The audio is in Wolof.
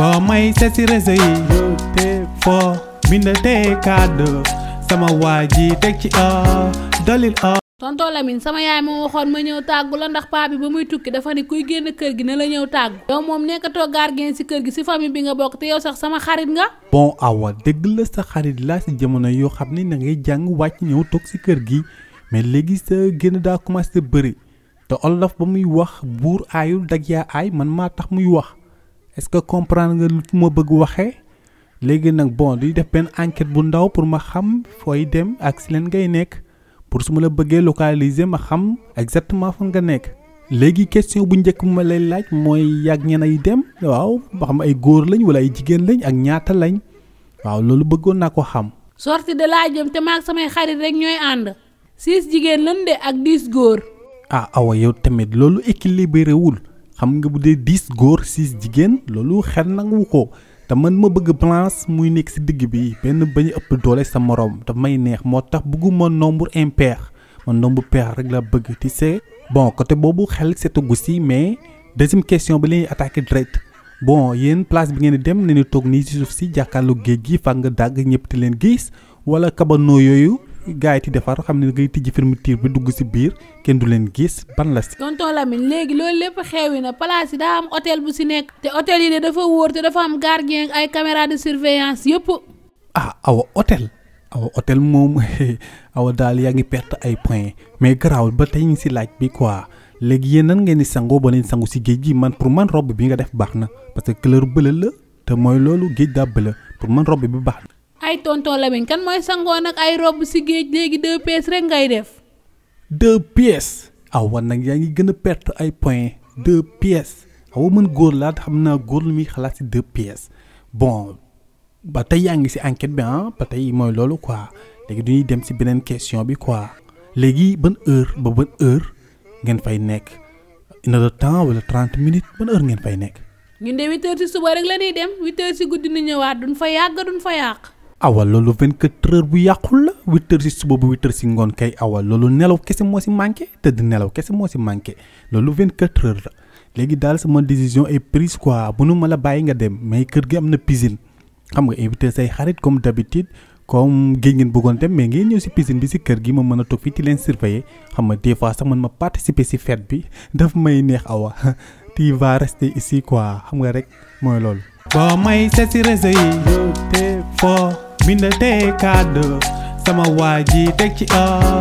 boo may seet ci réseau yi te foo bind te kàddu sama waa ji teg ci o dolil o tonton Lamine sama yaay moo waxoon ma ñëw tàggu la ndax paa bi ba muy tukki dafa ne kuy génn kër gi ne la ñëw tàggu yow moom nekkatoo gardien ci kër gi ci famille bi nga bokk te yow sax sama xarit nga bon awa dëgg la sa xarit laa si jamono yoo xam ne na ngay jàng wàcc ñëw toog ci kër gi mais léegi sa génn daa commencé bëri te olof ba muy wax buur aayul dag yaa aay man maa tax muy wax est-ce que comprendre nga lu ma bëgg waxee léegi nag bon di def benn enquête bu ndaw pour ma xam fooy dem ak si leen ngay nekk pour su ma la bëggee localiser ma xam exactement fan nga nekk. léegi question bu njëkk bu ma lay laaj mooy yàgg ñenn ay dem waaw ba xam ay góor lañ wala ay jigéen lañ ak ñaata lañ waaw loolu bëggoon naa ko xam. sorti de laa jëm te maag samay xarit rek ñooy ànd. six jigéen lañ de ak diis góor. ah awa yow tamit loolu équilibré wul xam nga bu dee dix góor six jigéen loolu xel nangu ko te man ma bëgg balance muy nekk ci digg bi benn bañu ëpp doole sa moroom te may neex moo tax bëgguma nombre impair man nombre pair rek la bëgg ti see bon côté boobu xel seetagu si mais deuxième question bi la ñuy attaqué direct bon yéen place bi ngeen di dem nañu toog nii suuf si jàkkaarloo géej gi fa nga dàgg ñëpp te leen gis wala kabanoo yooyu gars yi di defar xam ne ngay tijji fermeture bi dugg si biir kenn du leen gis ban la si. tonton Lamine léegi loolu lépp xewi na place yi daa am hôtel bu si nekk. te hôtel yi de dafa wóor te dafa am gardien ay caméra de surveillance yëpp. ah awa hôtel awa otel moom awa daal yaa ngi perte ay points mais garaawul ba tey ñu si laaj bi quoi. léegi yéen nan ngeen di sangoo ba leen sangu si géej gi man pour man robe bi nga def baax na parce que couleur bële la te mooy loolu géej daa bële pour man robe bi baax ay tonton Lamine kan mooy sangoon ak ay robb si géej léegi deux pièces rek ngay def. deux pièces aw war nag yaa ngi gën a perte ay points deux pièces aw mën góor laa xam naa góor lu muy xalaat si deux pièces bon ba tey yaa ngi si enquête bi ah ba tey mooy loolu quoi léegi du ñuy dem si beneen question bi quoi léegi bën heure ba ban heure ngeen fay nekk une heure de temps wala trente minutes ban heure ngeen fay nekk. ñun de huit suba rek la dem huit heures si guddi nu ñëwaat duñ fa yàgg fa yàq. awa loolu 24 heures bu yàqul la 8 heures si suba bu 8 heures si ngoon kay awa loolu nelaw kese moo si manqué tëdd nelaw kese moo si manqué loolu 24 heures la léegi daal sama décision est prise quoi bu la bàyyi nga dem mais kër gi am na piscine xam nga invité say xarit comme d'habitude comme géej bëggoon dem mais ngeen ñëw si piscine bi si kër gi ma mën a toog fii di leen surveiller xam nga des sax man ma participer si fête bi quoi xam nga rek mooy loolu. boo bindal te kàddu sama waa ji teg ci